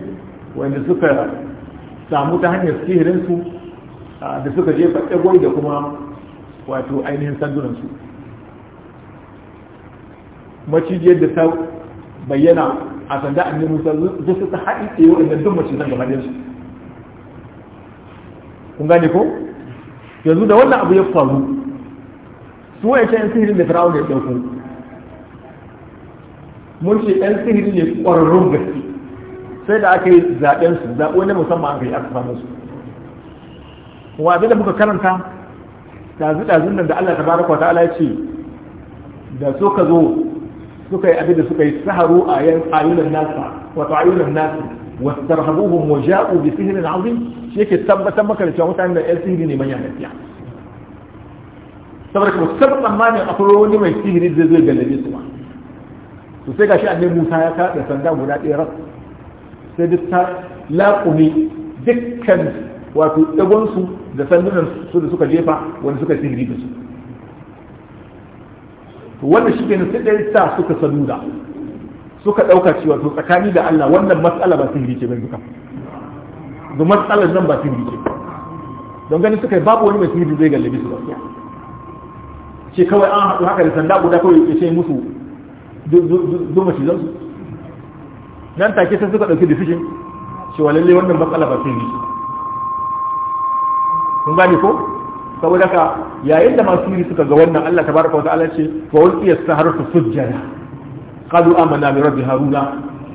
wanda suka samu ta hanyar sihirinsu da suka jefa ɗagwai da kuma wato ainihin sandunansu macijiyar da ta bayyana a sanda annin musa zai su ta haɗi tsaye waɗanda duk zan gaba ɗinsu kun gane ko yanzu da wannan abu ya faru su shayin sihirin da fir'aun ya ɗauko mun ce ɗan sihiri ne ƙwararrun gaske sai da aka yi zaɓen su zaɓo na musamman aka yi aka samu su wa abin da muka karanta ɗazu ɗazun da Allah ta baraka ta'ala ala ce da ka zo suka yi abin da suka yi saharu a ayunan nasa wato ayunan nasa wasu tarhabuhum wa ja'u bi sihirin azim shi yake tabbatar maka da cewa mutane da ɗan sihiri ne manyan gaskiya saboda kuma sabon tsammanin akwai wani mai sihiri zai zo ya gallabe su ba to sai gashi annabi Musa ya kada sanda guda ɗaya ras sai duk ta laƙumi dukkan wato su da sandunan su da suka jefa wanda suka sihiri da su wanda shi ke sai ɗaya ta suka sanuda suka ɗauka cewa to tsakani da Allah wannan matsala ba sihiri ce ba duka da matsalar nan ba sihiri ce don gani suka yi babu wani mai sihiri zai gallabi su ba ce kawai an haɗu haka da sanda guda kawai ya ce musu duk macizan su nan take sai suka ɗauki decision cewa lalle wannan matsala ba sai rishi kun gane ko saboda ka yayin da masu yi suka ga wannan Allah ta tabaraka wa Allah ce wa ulqiya saharatu sujjada qalu amanna bi rabbi haruna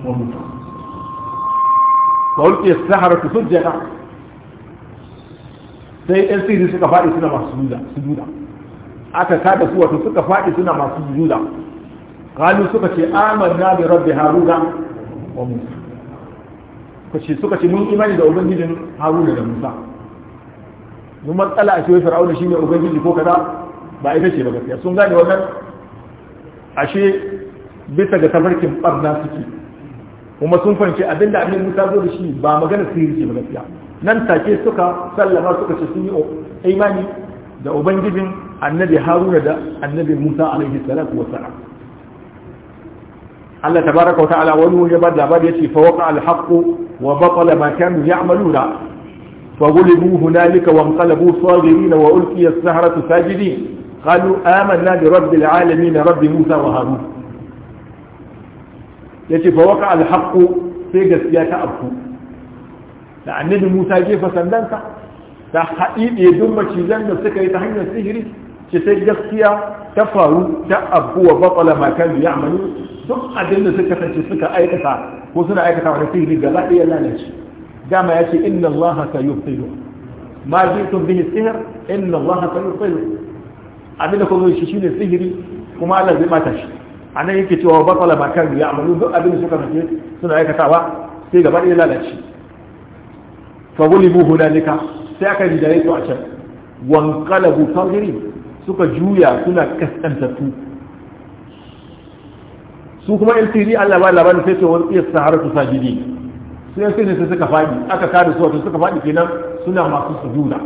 wa musa wa ulqiya su sujjada sai ɗan sirri suka faɗi suna masu sujuda aka kada su wato suka faɗi suna masu sujuda Kalu suka ce amanna bi rabbi haruna wa musa kace suka ce mun imani da ubangijin haruna da musa mun matsala a cewa fir'auna shine ubangiji ko kaza ba ita ce ba gaskiya sun gane wannan ashe bisa ga tafarkin barna suke kuma sun fanci abinda abin musa zo da shi ba magana sirri ce ba gaskiya nan take suka sallama suka ce sun yi imani da ubangijin annabi haruna da annabi musa alaihi salatu wassalam Allah tabaraka wa ta'ala wani waje ba labari yace fa waqa al-haqq wa batala ma kanu ya'maluna fa ghulibu hunalika wa inqalabu saghirin wa ulqiya as-sahratu sajidin qalu amanna bi rabbil alamin rabbi musa wa harun yace fa waqa al-haqq sai gaskiya ta afku da annabi musa jefa sandansa da haɗiɗe duk macizan da suka yi ta hanyar sihiri ce sai gaskiya ta faru ta abu wa batsala makan ya amalu duk abin da suka kasance suka aikata ko suna aikata wani sihiri gaba ɗaya lalace dama ya ce inna allaha sayubtilu ma jitum bihi sihr inna allaha sayubtilu abin da kuma shi ne sihiri kuma Allah zai mata shi nan yake cewa batala ma kan ya amalu duk abin da suka kasance suna aikatawa sai gaba ɗaya lalace fa gulibu hunalika sai aka yi rijare su a can wanqalabu fagiri suka juya suna kaskantattu su kuma yan sirri Allah ba labarin sai ce wani iya sahara su sajidi su yan sirri sai suka faɗi aka kada su wato suka faɗi kenan suna masu sujuda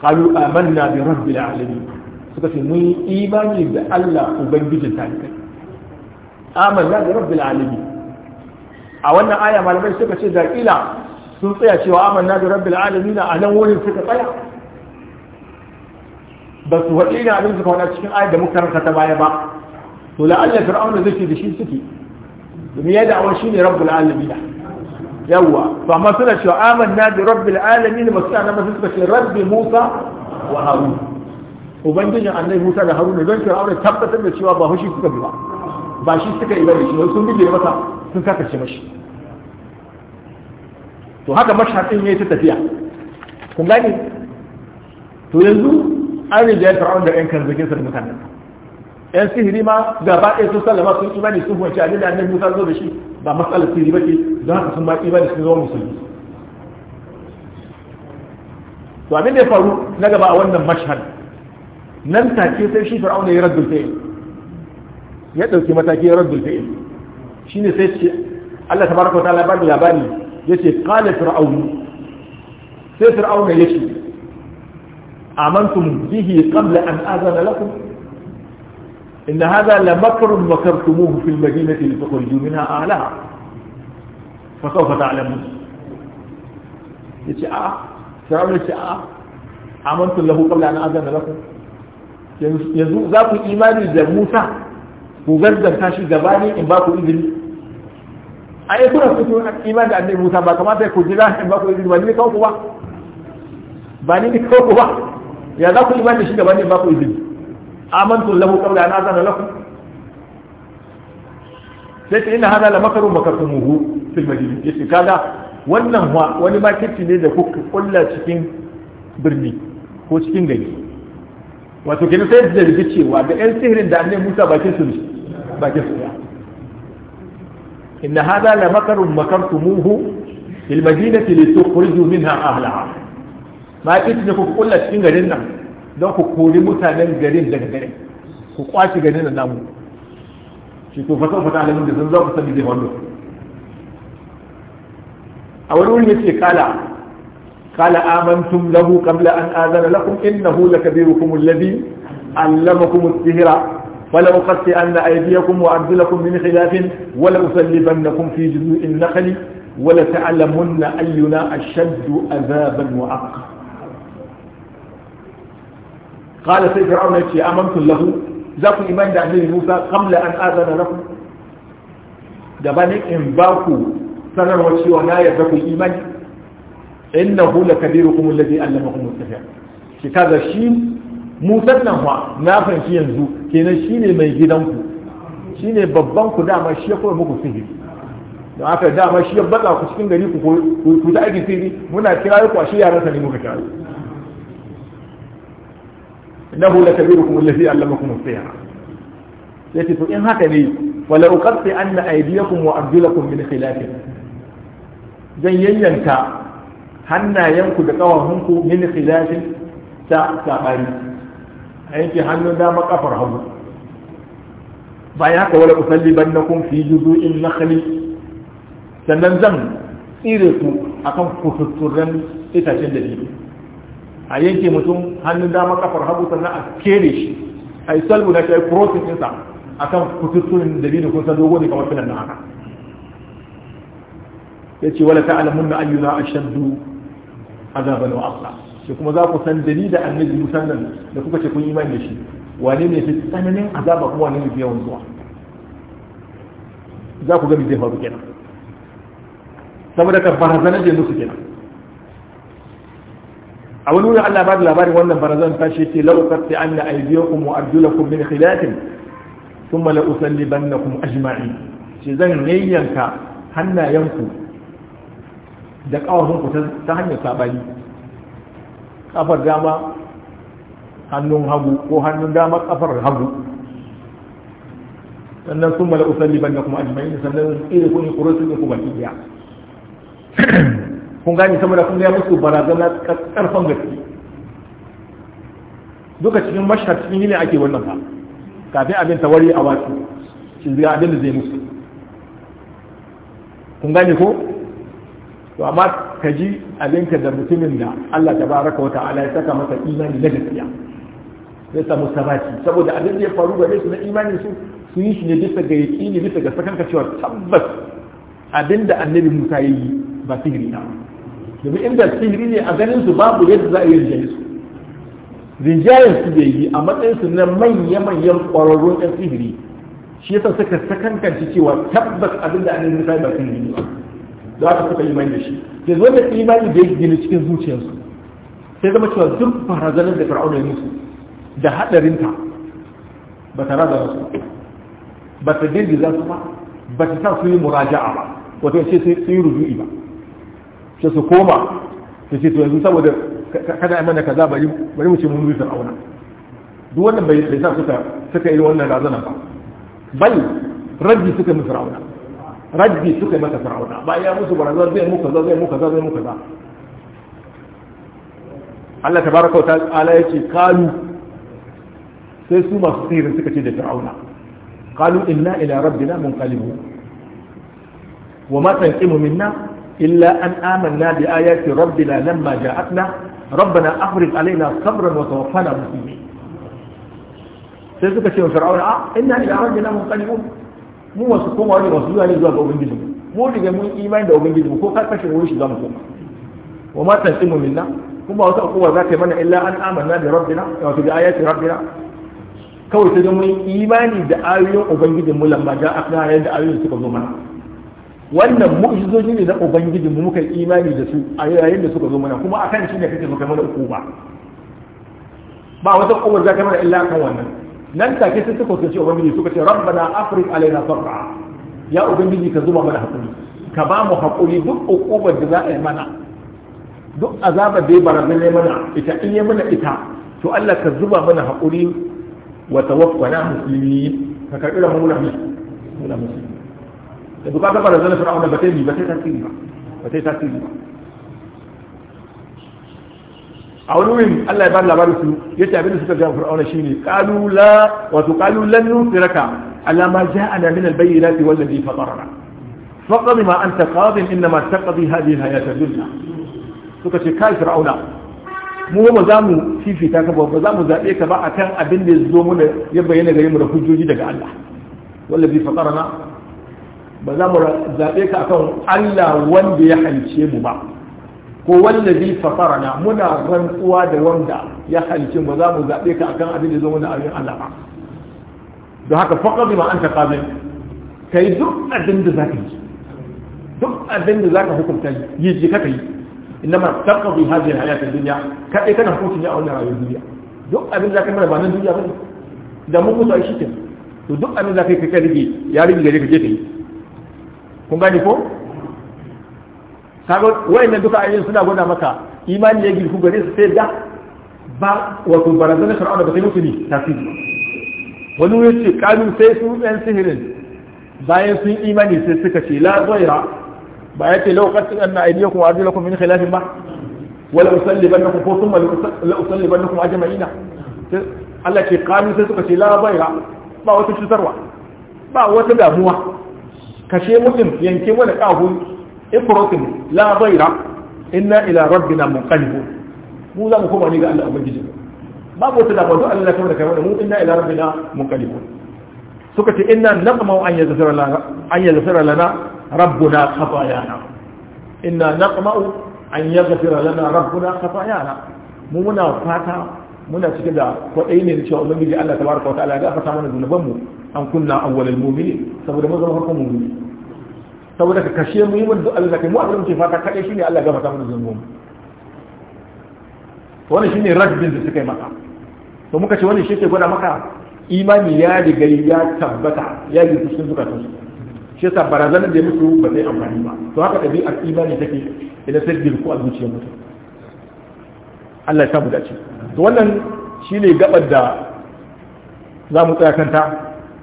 qalu amanna bi rabbil alamin suka ce mun imani da Allah ubangijin talibai amanna bi rabbil alamin a wannan aya malamai suka ce da ila sun tsaya cewa amanna bi rabbil alamin a nan wurin suka tsaya ba su waɗi ne abin suka wada cikin ayar da muka karanta ta baya ba to la'alla fir'auna zai ce da shi suke domin ya da'awar shi ne rabbul alamin yawa to amma suna cewa amanna bi rabbil alamin ba suna nan suka ce rabbi musa wa harun ubangijin annabi musa da harun don fir'auna tabbatar da cewa ba hushi suka bi ba ba shi suka yi ba da shi sun bige masa sun kakace mashi to haka mashhaɗin ya yi ta tafiya kun gane to yanzu an riga fir'aun da ƴan kanzaginsa da mutanen yan sihiri ma gaba ɗaya sun sallama sun imani sun huwanci abin da annabi musa zo da shi ba matsalar sihiri ba ke, don haka sun ma imani sun zo musulmi to abin da ya faru na gaba a wannan mashhad nan take sai shi fir'auna ya raddu fa'il ya dauki mataki ya raddul shi shine sai ce Allah tabaraka bar ba da labari yace qala fir'aun sai fir'auna yace amantum bihi qabla an azana lakum إن هذا لمكر مكرتموه في المدينة لتخرجوا منها أهلها فسوف تعلمون يتي آه فرعون يتي له قبل أن أذن لكم yanzu za ku imani da Musa ku gazzanta shi gabani in ba ku izini a yi kuna fito imani da annabi Musa ba kamata ku in ba ku izini ba ni kawo ku ba ba ni kawo ku ba ya za ku da shi in ba ku izini amantu lahu qabla an azana lakum sai ta ina hada la makaru makartumuhu fil madina yace kada wannan wa wani makirci ne da kuka kulla cikin birni ko cikin gari wato kenan sai da rike cewa da yan sihirin da annabi Musa bakin su bakin su ya inna hada la makarun makartumuhu fil madinati litukhrijū minhā ahlaha ma ne kuka kulla cikin garin nan don ku kori mutanen garin daga garin ku kwace garin da namu shi ko fasa fata alamin da zan zaku ku sani zai wannan a wani wurin yace kala kala amantum lahu qabla an azana lakum innahu lakabirukum alladhi allamakum as-sihra an aydiyakum ولو قد أن أيديكم وأرجلكم من خلاف ولأصلبنكم في جذوع ta'lamunna ayyuna ashaddu azaban wa وأقل qala sai fir'auna a amantu lahu za ku imani da annabi Musa qabla an azana lakum gabanin in ba ku sanarwa cewa na yarda ku imani innahu lakabirukum alladhi allamakum at-tafiya shi kaga shi Musa nan fa na fanci yanzu kenan shine mai gidanku shine babban ku dama shi ya koyar muku shi ya batsa ku cikin gari ku ku ta aikin sihiri muna kira ku shi yaran sa ne muka kira انه لكبيركم الذي علمكم الصيام ياتي ان هكذا ولو قلت ان ايديكم وارجلكم من خلاف زي ينتا هنا ينكو دقوا هنكو من خلاف تا تاري ايتي هنو دا مقفر هم بياك ولا اصلبنكم في جذوع النخل سننزم ايرتو اكم فتوتورن ايتا جندي a yanke mutum hannun dama kafar hagu sannan a kere shi a yi salbu na shi, kurosin ɗinsa a kan kututtunin da biyu kun san dogo ne kamar filin na haka ya ce wala ta'alamun na ayyuna a shaddu azaban na wa'afla shi kuma za ku san dali da annabi musan nan da kuka ce kun yi mai da shi wane ne fi tsananin azaba kuma wane ne fi yawan zuwa za ku gani zai faru kenan saboda ka barazanar da yanzu su kenan a wani wurin Allah ba da labarin wannan barazan ta shi ce lau qatti anna aydiyakum wa arjulakum min khilafin thumma la usallibannakum ajma'in ce zan yayyanka hannayenku da kawahunku ta hanyar sabani ƙafar dama hannun hagu ko hannun dama ƙafar hagu sannan sun mala usalli ban da kuma ajma'in sannan irin kuni kurusun ku baki daya kun gani saboda kun ya musu barazana karfan gaske duka cikin mashhad cikin yini ake wannan ba kafin abin tawari a wasu shi zira abin da zai musu kun gani ko to amma ka ji ka da mutumin da Allah ta baraka wa ta'ala ya saka masa imani na gaskiya zai samu sabati saboda abin da ya faru gare su na imani su su yi shi ne bisa ga ne bisa ga sakanka cewa tabbas abin da annabi Musa ya yi ba sihiri na ba domin inda sihiri ne a ganin su babu yadda za a yi rinjaye su rinjayen su bai yi a matsayin su na manya-manyan ƙwararrun ɗan sihiri shi yasa suka sakankanci cewa tabbas abin da annabi Musa ba sihiri ne za ka suka imani da shi da zo da imani da yake cikin zuciyarsu sai zama cewa duk barazanar da fir'auna ya musu da hadarinta ba ta raza su ba ta girgiza su ba ba ta sa su yi muraja'a ba wato ce sai yi ruju'i ba sai su koma su ce to yanzu saboda kada mana kaza bari bari mu ce mun rufe auna duk wannan bai bai sa suka suka yi wannan razana ba bal rabbi suka musu fir'auna raddi suka mata fir'auna ba ya musu barazana zai mu kaza zai mu kaza zai mu kaza Allah tabaraka wa ta'ala yace kalu sai su masu sihirin suka ce da fir'auna kalu inna ila rabbina munqalibun wa ma tanqimu minna إلا أن آمنا بآيات ربنا لما جاءتنا ربنا أخرج علينا صبرا وتوفنا مسلمين سيزوك الشيء وفرعون آه إنا إلى ربنا منقلبون مو سكوم وعلي رسولي عليه الزواج أو بنجزم مو اللي جمعين إيمان دا أو بنجزم كو قد فشل ويش دامكم وما تنسم منا كما وصل قوة ذات من إلا أن آمنا بربنا يعطي بآيات ربنا كو سيزوك إيماني دا آيو أو بنجزم لما جاءتنا آيات يعني دا آيو سيكون منا wannan mu'jizoji ne na ubangiji mu muka imani da su a yayin da suka zo mana kuma akan shi ne kake so kai mana ukuba ba wata ukubar za ka mana illa kan wannan nan take sai suka ce ubangiji suka ce rabbana afriq alaina sabra ya ubangiji ka zuba mana hakuri ka ba mu hakuri duk ukubar da za a yi mana duk azabar da ya barazana mana ita in yi mana ita to Allah ka zuba mana hakuri wa tawaffana muslimin ka karbi ramu muna muslimin da duka ta fara zana fir'auna ba ta yi ba ta tasiri ba ba ta tasiri ba a wani wurin Allah ya ba labarin su yace abin da suka ga fir'auna shine qalu la wa qalu lan nusiraka ala ma ja'ana min al-bayyinati wallazi fatarna faqad ma anta qad inma taqdi hadhihi al-hayat ad-dunya suka ce kai fir'auna mu ba za mu fifita ka ba za mu zabe ka ba akan abin da ya zo mu ya bayyana gare mu da hujjoji daga Allah wallazi fatarna ba za mu zaɓe ka kan Allah wanda ya halice mu ba ko wanda zai fafarana muna rantsuwa da wanda ya halice mu Ba za mu zaɓe ka kan abin da zama da abin Allah ba don haka faƙa bi ma an ta kamar ka yi duk abin da za ka yi duk abin da za ka hukunta yi ji ka yi inda ma taɓa bi hajji a hayatar duniya kaɗai kana hukunci ne a wannan rayuwar duniya duk abin da za ka mara ba nan duniya ba ne da mun mutu a shi ke to duk abin da za ka yi ka rige ya rige gare ka je ka yi kun gani ko kaga wayannan duka ayoyin suna gwada maka imani ne girku gare su sai da ba wato barazana fir'auna ba sai musu ni tasiri wani ya ce kanu sai su yan sihirin bayan sun imani sai suka ce la zaira ba ya ce lau anna aidiyakum wa ajlakum min khilafin ba wala usallibannakum ko thumma la usallibannakum ajma'ina Allah ce kanu sai suka ce la zaira ba wata cutarwa ba wata damuwa kashe mutum yanke wani kahun ifrotin la zaira inna ila rabbina munqalibun mu za mu koma ne ga Allah ubangiji babu wata dabaru Allah kamar da kamar mu inna ila rabbina munqalibun suka ce inna naqma an yaghfira lana an yaghfira lana rabbuna khatayana inna naqma an yaghfira lana rabbuna khatayana mu muna fata muna cike da kwaɗayi ne da cewa ubangiji Allah tabaraka wa ta'ala ya gafarta mana zunuban mu an kunna awwalal mu'mini saboda mun zama farkon mu'mini saboda ka kashe mu yi mun duk Allah kai mu abin ce fata kaɗai shine Allah ya gafarta mana zunuban mu Wani wannan shine raddin da suka yi maka to muka ce wannan shi ke gwada maka imani ya riga ya tabbata ya yi cikin zukatun su shi yasa barazanar da ya musu ba zai amfani ba to haka ɗabi'ar imani take idan sai girku a zuciyar mutum Allah ya samu dace to wannan shi ne gabar da za mu tsaya kanta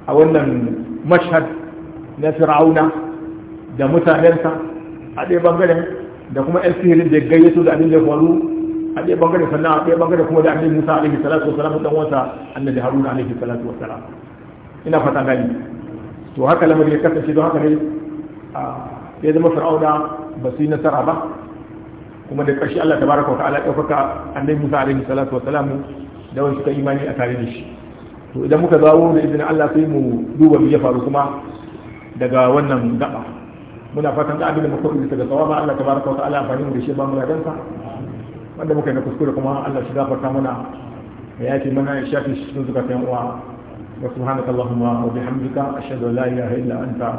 a wannan mashhad na fir'auna da mutanensa a ɗaya bangaren da kuma yan sihirin da gayyato da abin da faru a ɗaya bangaren sannan a ɗaya bangaren kuma da annabi Musa alaihi salatu salam dan wasa annabi Haruna alaihi salatu salam ina fata gani to haka lamarin ya kasance don haka ne ya zama fir'auna ba su yi nasara ba kuma da ƙarshe Allah tabaraka wa ta'ala ɗaukaka annabi Musa alaihi salatu wa salam da wasu suka imani a tare da shi to idan muka zawo da izinin Allah sai mu duba mu ya faru kuma daga wannan gaba muna fatan da abin da muka rubuta daga tsawaba Allah tabaraka wa ta'ala amfani mu da shi ba mu ladan wanda muka yi na kuskure kuma Allah shi gafarta mana ya yafi mana ya shafi shi cikin zukatan uwa wa subhanaka allahumma wa bihamdika ashhadu an la ilaha illa anta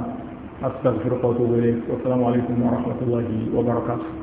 astaghfiruka wa atubu ilayk wa assalamu alaikum wa rahmatullahi wa barakatuh